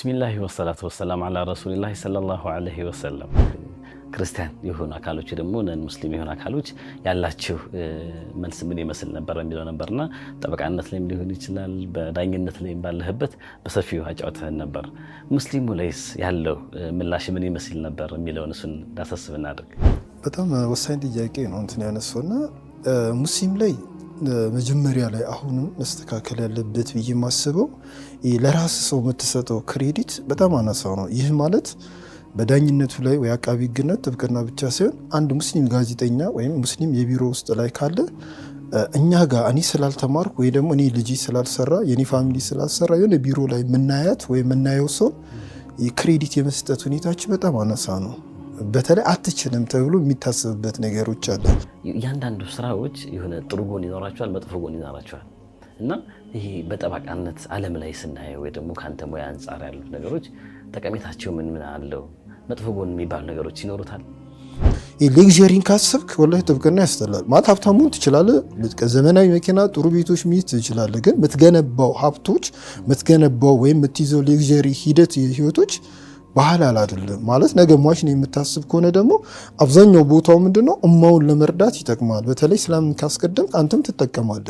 ብስሚላህ ወሰላት ወሰላም አላ ረሱሊላህ ሰለላሁ አለይሂ ወሰለም። ክርስቲያን የሆኑ አካሎች ደግሞ ነን ሙስሊም የሆኑ አካሎች ያላችሁ መልስ ምን ይመስል ነበር የሚለው ነበርና ጠበቃነት ላይም ሊሆን ይችላል፣ በዳኝነት ላይም ባለህበት በሰፊው አጫውተህን ነበር። ሙስሊሙ ላይስ ያለው ምላሽ ምን ይመስል ነበር የሚለውን እሱን እንዳሳስብ እናድርግ። በጣም ወሳኝ ጥያቄ ነው እንትን ያነሳውና ሙስሊም ላይ መጀመሪያ ላይ አሁንም መስተካከል ያለበት ብዬ የማስበው ለራስ ሰው የምትሰጠው ክሬዲት በጣም አነሳ ነው። ይህ ማለት በዳኝነቱ ላይ ወይ አቃቢ ህግነት ጥብቅና ብቻ ሳይሆን አንድ ሙስሊም ጋዜጠኛ ወይም ሙስሊም የቢሮ ውስጥ ላይ ካለ እኛ ጋር እኔ ስላልተማርኩ ወይ ደግሞ እኔ ልጅ ስላልሰራ የኔ ፋሚሊ ስላልሰራ የሆነ ቢሮ ላይ የምናያት ወይ የምናየው ሰው ክሬዲት የመስጠት ሁኔታችን በጣም አነሳ ነው። በተለይ አትችልም ተብሎ የሚታሰብበት ነገሮች አሉ። እያንዳንዱ ስራዎች የሆነ ጥሩ ጎን ይኖራቸዋል፣ መጥፎ ጎን ይኖራቸዋል እና ይሄ በጠባቃነት አለም ላይ ስናየው ወይ ደግሞ ከአንተ ሙያ አንጻር ያሉት ነገሮች ጠቀሜታቸው ምን ምን አለው? መጥፎ ጎን የሚባሉ ነገሮች ይኖሩታል። ሌግዥሪን ካሰብክ ወላሂ ጥብቅና ያስጠላል። ማለት ሀብታሙን ትችላለህ፣ ዘመናዊ መኪና፣ ጥሩ ቤቶች ሚት ትችላለህ። ግን የምትገነባው ሀብቶች የምትገነባው ወይም የምትይዘው ሌግዥሪ ሂደት ህይወቶች ባህል አላደለም ማለት ነገ ሟች የምታስብ ከሆነ ደግሞ አብዛኛው ቦታው ምንድነው እማውን ለመርዳት ይጠቅማል። በተለይ ስላምን ካስቀደም አንተም ትጠቀማለህ።